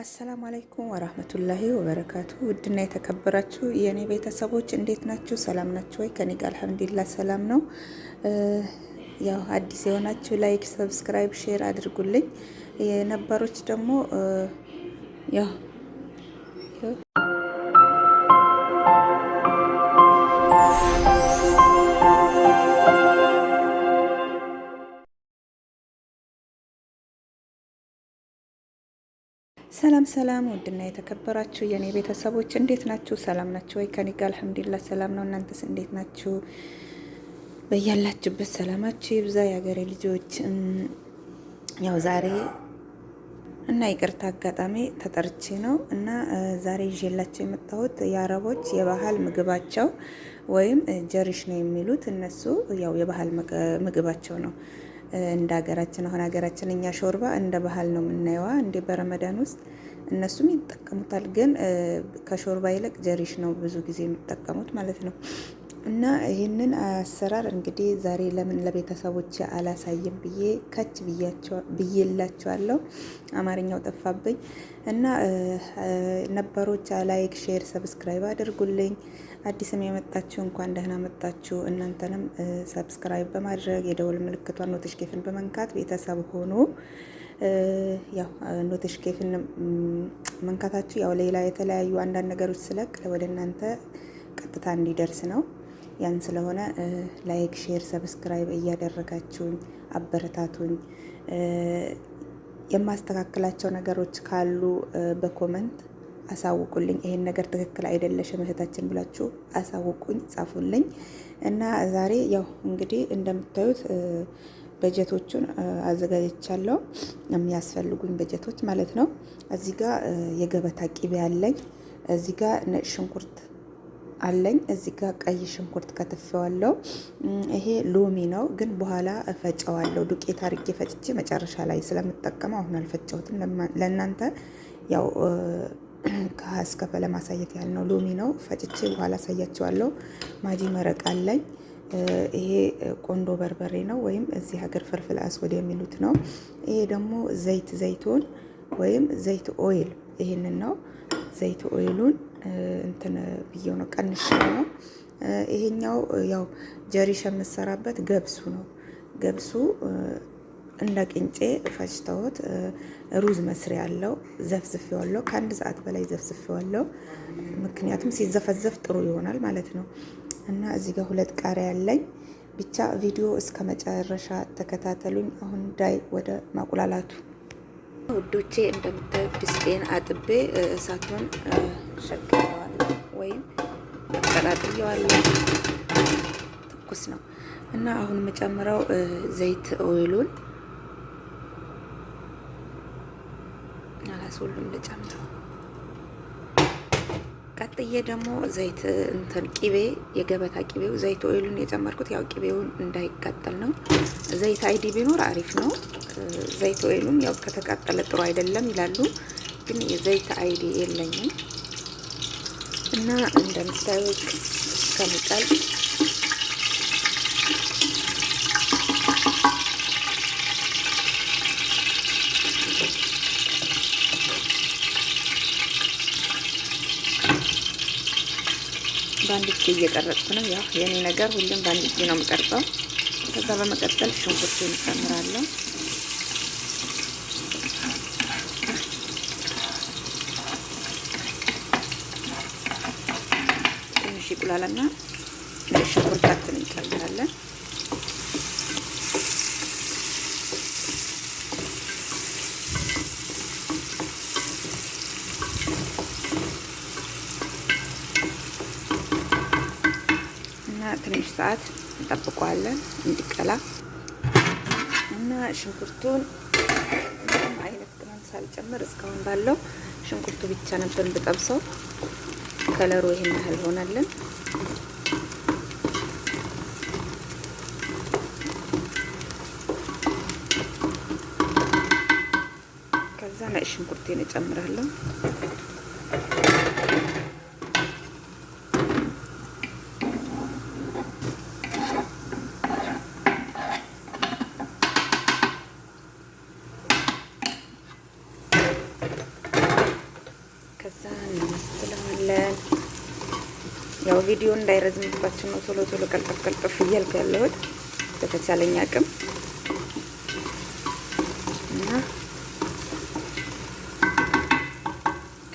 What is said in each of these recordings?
አሰላሙ አለይኩም ወራህመቱላሂ ወበረካቱ። ውድና የተከበራችሁ የእኔ ቤተሰቦች እንዴት ናችሁ? ሰላም ናችሁ ወይ? ከኔ ጋር አልሐምዱሊላህ ሰላም ነው። ያው አዲስ የሆናችሁ ላይክ፣ ሰብስክራይብ፣ ሼር አድርጉልኝ። ነባሮች ደግሞ ያው ሰላም ሰላም፣ ውድና የተከበራችሁ የእኔ ቤተሰቦች እንዴት ናችሁ? ሰላም ናችሁ ወይ? ከኔ ጋር አልሐምዱሊላህ ሰላም ነው። እናንተስ እንዴት ናችሁ? በያላችሁበት ሰላማችሁ ይብዛ የሀገሬ ልጆች። ያው ዛሬ እና ይቅርታ አጋጣሚ ተጠርቼ ነው እና ዛሬ ይዤላቸው የመጣሁት የአረቦች የባህል ምግባቸው ወይም ጀሪሽ ነው የሚሉት እነሱ ያው የባህል ምግባቸው ነው እንደ ሀገራችን አሁን ሀገራችን እኛ ሾርባ እንደ ባህል ነው የምናየዋ እንደ በረመዳን ውስጥ እነሱም ይጠቀሙታል። ግን ከሾርባ ይልቅ ጀሪሽ ነው ብዙ ጊዜ የሚጠቀሙት ማለት ነው። እና ይህንን አሰራር እንግዲህ ዛሬ ለምን ለቤተሰቦች አላሳይም ብዬ ከች ብዬላቸዋለሁ። አማርኛው ጠፋብኝ እና ነበሮች ላይክ፣ ሼር፣ ሰብስክራይብ አድርጉልኝ። አዲስም የመጣችሁ እንኳን ደህና መጣችሁ። እናንተንም ሰብስክራይብ በማድረግ የደወል ምልክቷን ኖቲፊኬሽን በመንካት ቤተሰብ ሆኖ ያው ኖቲፊኬሽን መንካታችሁ ያው ሌላ የተለያዩ አንዳንድ ነገሮች ስለቅ ወደ እናንተ ቀጥታ እንዲደርስ ነው። ያን ስለሆነ ላይክ፣ ሼር፣ ሰብስክራይብ እያደረጋችሁኝ አበረታቱኝ። የማስተካከላቸው ነገሮች ካሉ በኮመንት አሳውቁልኝ። ይሄን ነገር ትክክል አይደለሽም እህታችን ብላችሁ አሳውቁኝ፣ ጻፉልኝ እና ዛሬ ያው እንግዲህ እንደምታዩት በጀቶቹን አዘጋጅቻለሁ፣ የሚያስፈልጉኝ በጀቶች ማለት ነው። እዚህ ጋ የገበታ ቂቤ አለኝ፣ እዚህ ጋ ነጭ ሽንኩርት አለኝ፣ እዚህ ጋ ቀይ ሽንኩርት ከትፌዋለሁ። ይሄ ሎሚ ነው፣ ግን በኋላ እፈጨዋለሁ። ዱቄት አድርጌ ፈጭቼ መጨረሻ ላይ ስለምጠቀመው አሁን አልፈጨሁትም። ለእናንተ ያው ከሀስከፈ ለማሳየት ያህል ነው። ሎሚ ነው ፈጭቼ በኋላ አሳያቸዋለሁ። ማጂ መረቅ አለኝ። ይሄ ቆንዶ በርበሬ ነው ወይም እዚህ ሀገር ፍልፍል አስወድ የሚሉት ነው። ይሄ ደግሞ ዘይት ዘይቱን ወይም ዘይት ኦይል ይሄንን ነው። ዘይት ኦይሉን እንትን ብዬው ነው ቀንሽ ነው። ይሄኛው ያው ጀሪሽ የምሰራበት ገብሱ ነው። ገብሱ እንደ ቅንጬ ፈጭተውት ሩዝ መስሪያ ያለው ዘፍዝፌዋለሁ። ከአንድ ሰዓት በላይ ዘፍዝፌዋለሁ። ምክንያቱም ሲዘፈዘፍ ጥሩ ይሆናል ማለት ነው። እና እዚህ ጋር ሁለት ቃሪያ ያለኝ ብቻ ቪዲዮ እስከ መጨረሻ ተከታተሉኝ። አሁን ዳይ ወደ ማቁላላቱ ውዶቼ፣ እንደምታዩ ድስጤን አጥቤ እሳቱን ሸግረዋለሁ ወይም አቀጣጥየዋለሁ። ትኩስ ነው እና አሁን የምጨምረው ዘይት ኦይሉን ሁሉም ልጨምረው። ቀጥዬ ደግሞ ዘይት እንትን ቂቤ የገበታ ቂቤው ዘይት ኦይሉን የጨመርኩት ያው ቂቤውን እንዳይቃጠል ነው። ዘይት አይዲ ቢኖር አሪፍ ነው። ዘይት ኦይሉም ያው ከተቃጠለ ጥሩ አይደለም ይላሉ፣ ግን የዘይት አይዲ የለኝም እና እንደምታዩት ከሚቀል እየቀረጽኩ ነው። ያው የኔ ነገር ሁሉም በአንድ እጅ ነው የምቀርጸው። ከዛ በመቀጠል ሽንኩርት እንጨምራለሁ። ትንሽ ይቁላልና ሽንኩርታችን እንጨምራለን። ሰዓት እንጠብቀዋለን እንዲቀላ እና ሽንኩርቱን ምንም አይነት ቅመም ሳልጨምር እስካሁን ባለው ሽንኩርቱ ብቻ ነበር ብጠብሰው። ከለሩ ይሄን ያህል ሆናለን። ከዛ ነጭ ሽንኩርቴን እጨምራለሁ። እንደዛ እናስለዋለን። ያው ቪዲዮ እንዳይረዝምባቸው ነው ቶሎ ቶሎ ቀልጠፍ ቀልጠፍ እያልኩ ያለሁት በተቻለኝ አቅም እና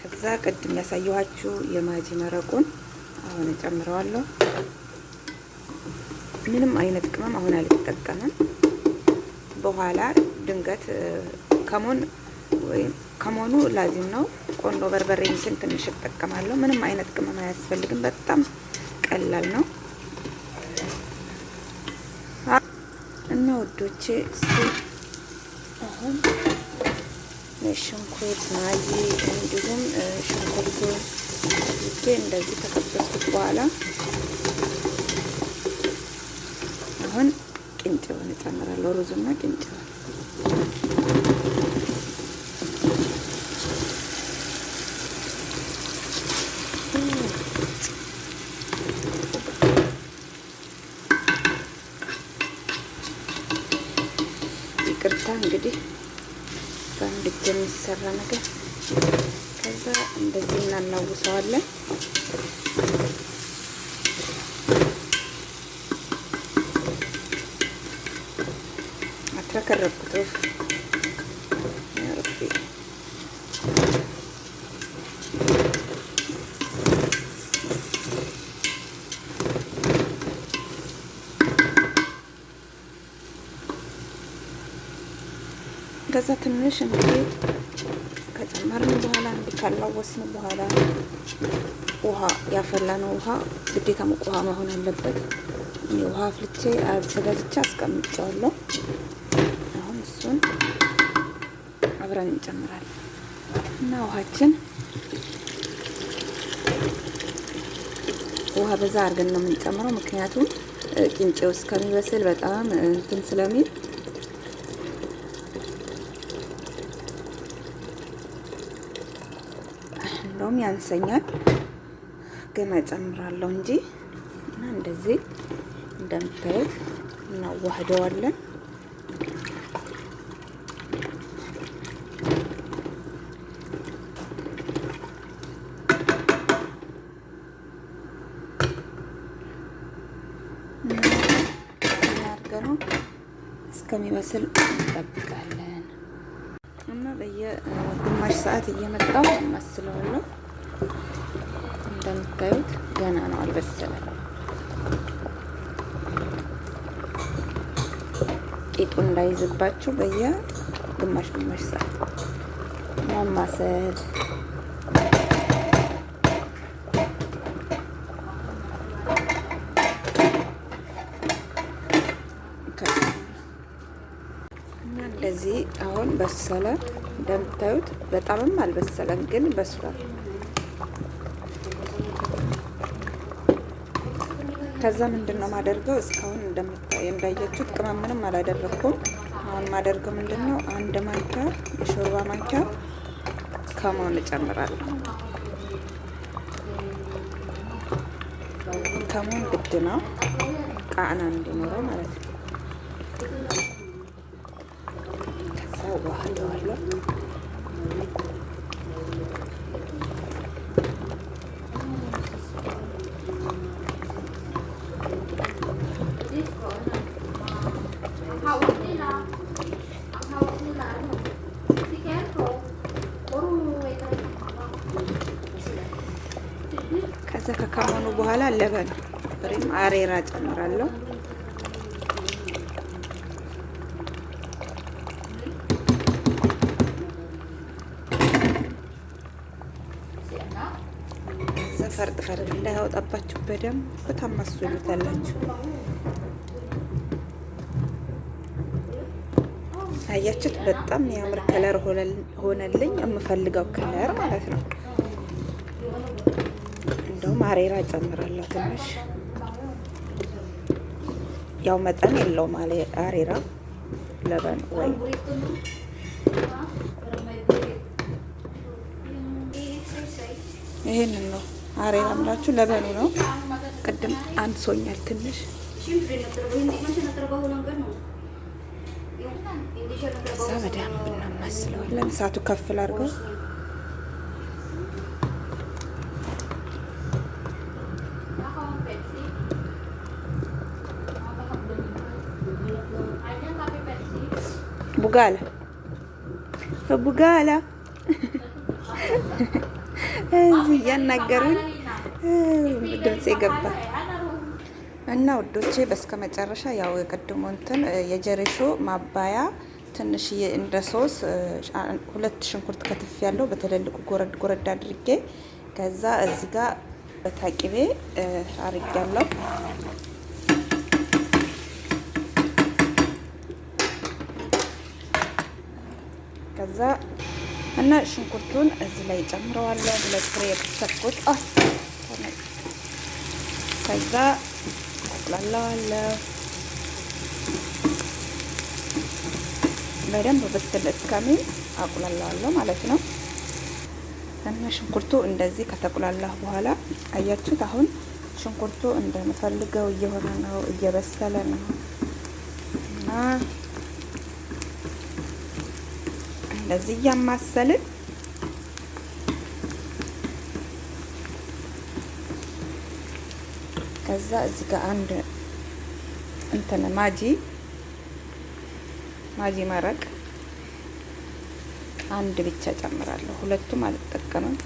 ከዛ ቅድም ያሳየኋችሁ የማጂ መረቁን አሁን እጨምረዋለሁ። ምንም አይነት ቅመም አሁን አልጠቀምም። በኋላ ድንገት ከሞን ወይም ከመሆኑ ላዚም ነው። ቆንዶ በርበሬ ምስል ትንሽ እጠቀማለሁ። ምንም አይነት ቅመም አያስፈልግም። በጣም ቀላል ነው እና ውዶቼ አሁን ሽንኩርት ማይ እንዲሁም ሽንኩርቱ ይዤ እንደዚህ ተከበስኩት በኋላ አሁን ቅንጭውን እጨምራለሁ። ሩዙና ቅንጭውን እንግዲህ በአንድ እጅ የሚሰራ ነገር ከዛ እንደዚህ እናናውሰዋለን። ከዛ ትንሽ እንግዲህ ከጨመርን በኋላ እንዲ ካላወስን በኋላ ውሃ ያፈላነው ውሃ ግዴታ ሙቅ ውሃ መሆን አለበት። ውሃ አፍልቼ አዘጋጅቼ አስቀምጫዋለሁ። አሁን እሱን አብረን እንጨምራለን እና ውሃችን ውሃ በዛ አድርገን ነው የምንጨምረው። ምክንያቱም ቂንጬው እስከሚበስል በጣም እንትን ስለሚል ያንሰኛል፣ ግን እጨምራለሁ እንጂ እና እንደዚህ እንደምታዩት እናዋህደዋለን። ነው እስከሚበስል እንጠብቃለን እና በየግማሽ ሰዓት እየመጣሁ አማስለዋለሁ። እንደምታዩት ገና ነው አልበሰለም። ቂጡ እንዳይዝባችሁ በየ ግማሽ ግማሽ ሰዓት ማማሰል እንደዚህ አሁን በሰለ። እንደምታዩት በጣምም አልበሰለም፣ ግን በስሏል። ከዛ ምንድን ነው ማደርገው እስካሁን እንዳያችሁት ቅመም ምንም አላደረግኩም። አሁን ማደርገው ምንድን ነው አንድ ማንኪያ የሾርባ ማንኪያ ከመሆን እጨምራለሁ። ከመሆን ግድ ነው ቃና እንዲኖረው ማለት ነው። ከዛ ዋህደዋለሁ እንደዚህ በኋላ ለበን ፍሬም አሬራ ጨምራለሁ። ፈርጥ ፈርጥ እንዳያወጣባችሁ በደንብ ታማስሉታላችሁ። አያችሁት? በጣም የሚያምር ከለር ሆነልኝ፣ የምፈልገው ከለር ማለት ነው። እንደውም አሬራ ጨምራለሁ ትንሽ ያው መጠን የለውም አሬራ ለበን ወይ ይሄንን ነው አሬራ ምላችሁ ለበኑ ነው። ቅድም አንሶኛል ትንሽ እዛ በደንብ ለምሳቱ እሳቱ Fabugala. Fabugala እዚህ እያናገሩኝ ድምፄ ገባ እና ውዶቼ በስከ መጨረሻ ያው የቅድሙ እንትን የጀሬሾ ማባያ ትንሽ እንደ ሶስ ሁለት ሽንኩርት ከትፍ ያለው በትልልቁ ጎረድ ጎረድ አድርጌ ከዛ እዚህ ጋር በታቂቤ አርግ ያለው ከዛ እና ሽንኩርቱን እዚህ ላይ ጨምረዋለሁ። ሁለት ፍሬ የተፈኩት ከዛ አጥላለዋለሁ። በደንብ ብስል እስከሚል አቁላለዋለሁ ማለት ነው። እና ሽንኩርቱ እንደዚህ ከተቁላላሁ በኋላ አያችሁት። አሁን ሽንኩርቱ እንደምፈልገው እየሆነ ነው፣ እየበሰለ ነው እና እንደዚህ እያማሰልን ከዛ እዚህ ጋር አንድ እንትን ማጂ ማጂ መረቅ አንድ ብቻ ጨምራለሁ። ሁለቱም አልጠቀምም።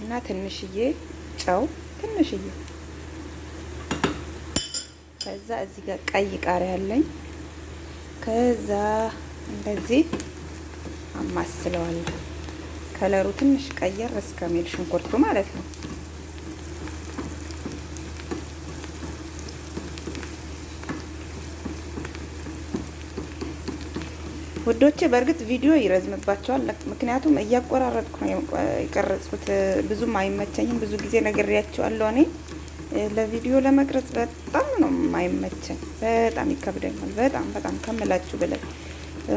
እና ትንሽዬ ጨው ትንሽዬ ከዛ እዚህ ጋር ቀይ ቃሪያ አለኝ። ከዛ እንደዚህ አማስለዋለሁ። ከለሩ ትንሽ ቀየር እስከሚል ሽንኩርቱ ማለት ነው። ውዶቼ በእርግጥ ቪዲዮ ይረዝምባቸዋል። ምክንያቱም እያቆራረጥኩ ነው የቀረጽኩት፣ ብዙም አይመቸኝም። ብዙ ጊዜ ነግሬያቸዋለሁ እኔ ለቪዲዮ ለመቅረጽ በጣም ነው የማይመቸኝ። በጣም ይከብደኛል። በጣም በጣም ከምላችሁ ብለን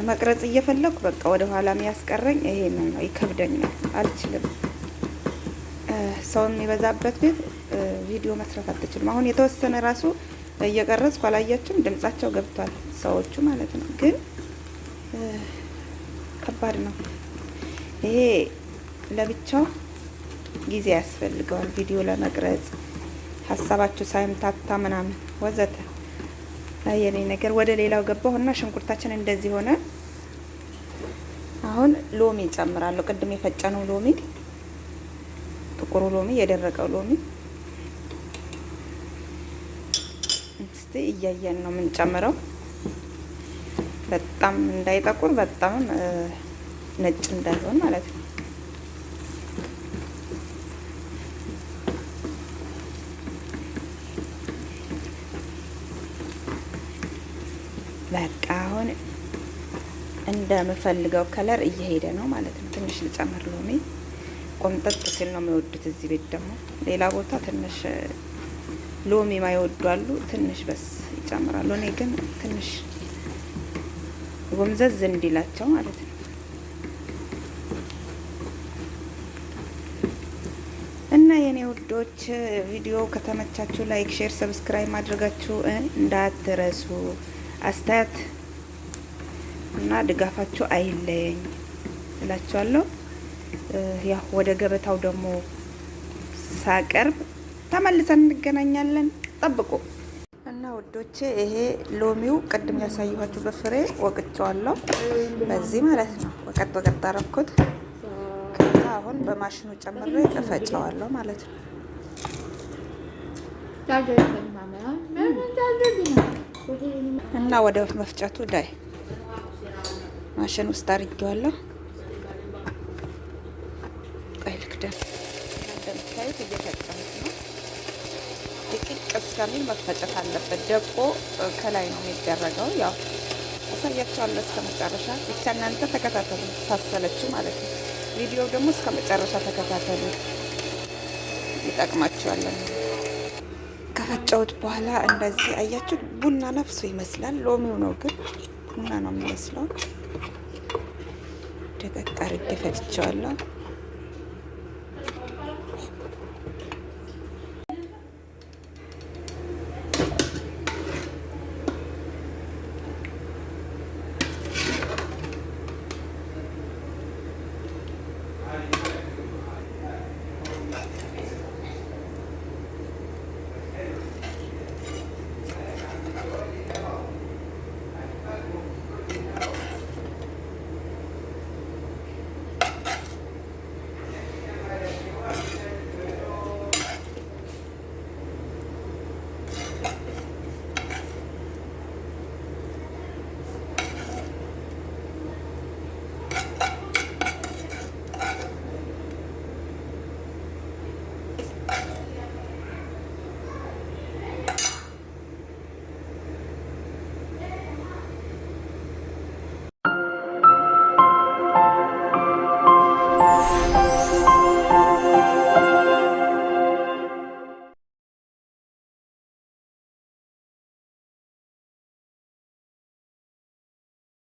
መቅረጽ እየፈለኩ በቃ ወደ ኋላ የሚያስቀረኝ ይሄ ነው። ይከብደኛል፣ አልችልም። ሰው የሚበዛበት ቤት ቪዲዮ መስራት አትችልም። አሁን የተወሰነ ራሱ እየቀረጽኩ አላያችሁም? ድምጻቸው ገብቷል ሰዎቹ ማለት ነው። ግን ከባድ ነው ይሄ ለብቻው ጊዜ ያስፈልገዋል ቪዲዮ ለመቅረጽ ሀሳባችሁ ሳይምታታ ምናምን ወዘተ የኔ ነገር ወደ ሌላው ገባሁና ሽንኩርታችን እንደዚህ ሆነ። አሁን ሎሚ ጨምራለሁ። ቅድም የፈጨነው ሎሚ፣ ጥቁሩ ሎሚ፣ የደረቀው ሎሚ እስቲ እያየን ነው የምንጨምረው። በጣም እንዳይጠቁር፣ በጣም ነጭ እንዳይሆን ማለት ነው። በምፈልገው ከለር እየሄደ ነው ማለት ነው። ትንሽ ልጨምር ሎሚ ቆምጠጥ ሲል ነው የሚወዱት እዚህ ቤት ደግሞ ሌላ ቦታ ትንሽ ሎሚ ማይወዱ አሉ። ትንሽ በስ ይጨምራሉ። እኔ ግን ትንሽ ጎምዘዝ እንዲላቸው ማለት ነው። እና የኔ ውዶች ቪዲዮ ከተመቻችሁ ላይክ፣ ሼር፣ ሰብስክራይብ ማድረጋችሁ እንዳትረሱ አስተያየት እና ድጋፋችሁ አይለየኝ እላችኋለሁ። ያው ወደ ገበታው ደግሞ ሳቀርብ ተመልሰን እንገናኛለን። ጠብቁ እና ውዶቼ፣ ይሄ ሎሚው ቅድም ያሳየኋችሁ በፍሬ ወቅቸዋለሁ። በዚህ ማለት ነው ወቀጥ ወቀጥ አረኩት። ከዛ አሁን በማሽኑ ጨምሬ እፈጨዋለሁ ማለት ነው። እና ወደ መፍጨቱ ዳይ ማሽን ውስጥ አድርጌዋለሁ። ቆይ ልክደን። እንደምታዩት እየፈጨሁት ነው። ድቅቅ እስከሚል መፈጨት አለበት። ደቆ ከላይ ነው የሚደረገው። ያው አሳያቸዋለሁ እስከ መጨረሻ። ብቻ እናንተ ተከታተሉ ታሰለችው ማለት ነው። ቪዲዮ ደግሞ እስከ መጨረሻ ተከታተሉ፣ ይጠቅማቸዋለን ከፈጨሁት በኋላ እንደዚህ አያችሁ፣ ቡና ነፍሶ ይመስላል። ሎሚው ነው ግን ቡና ነው የሚመስለው። ደቀቅ አድርጌ ፈጭቸዋለሁ።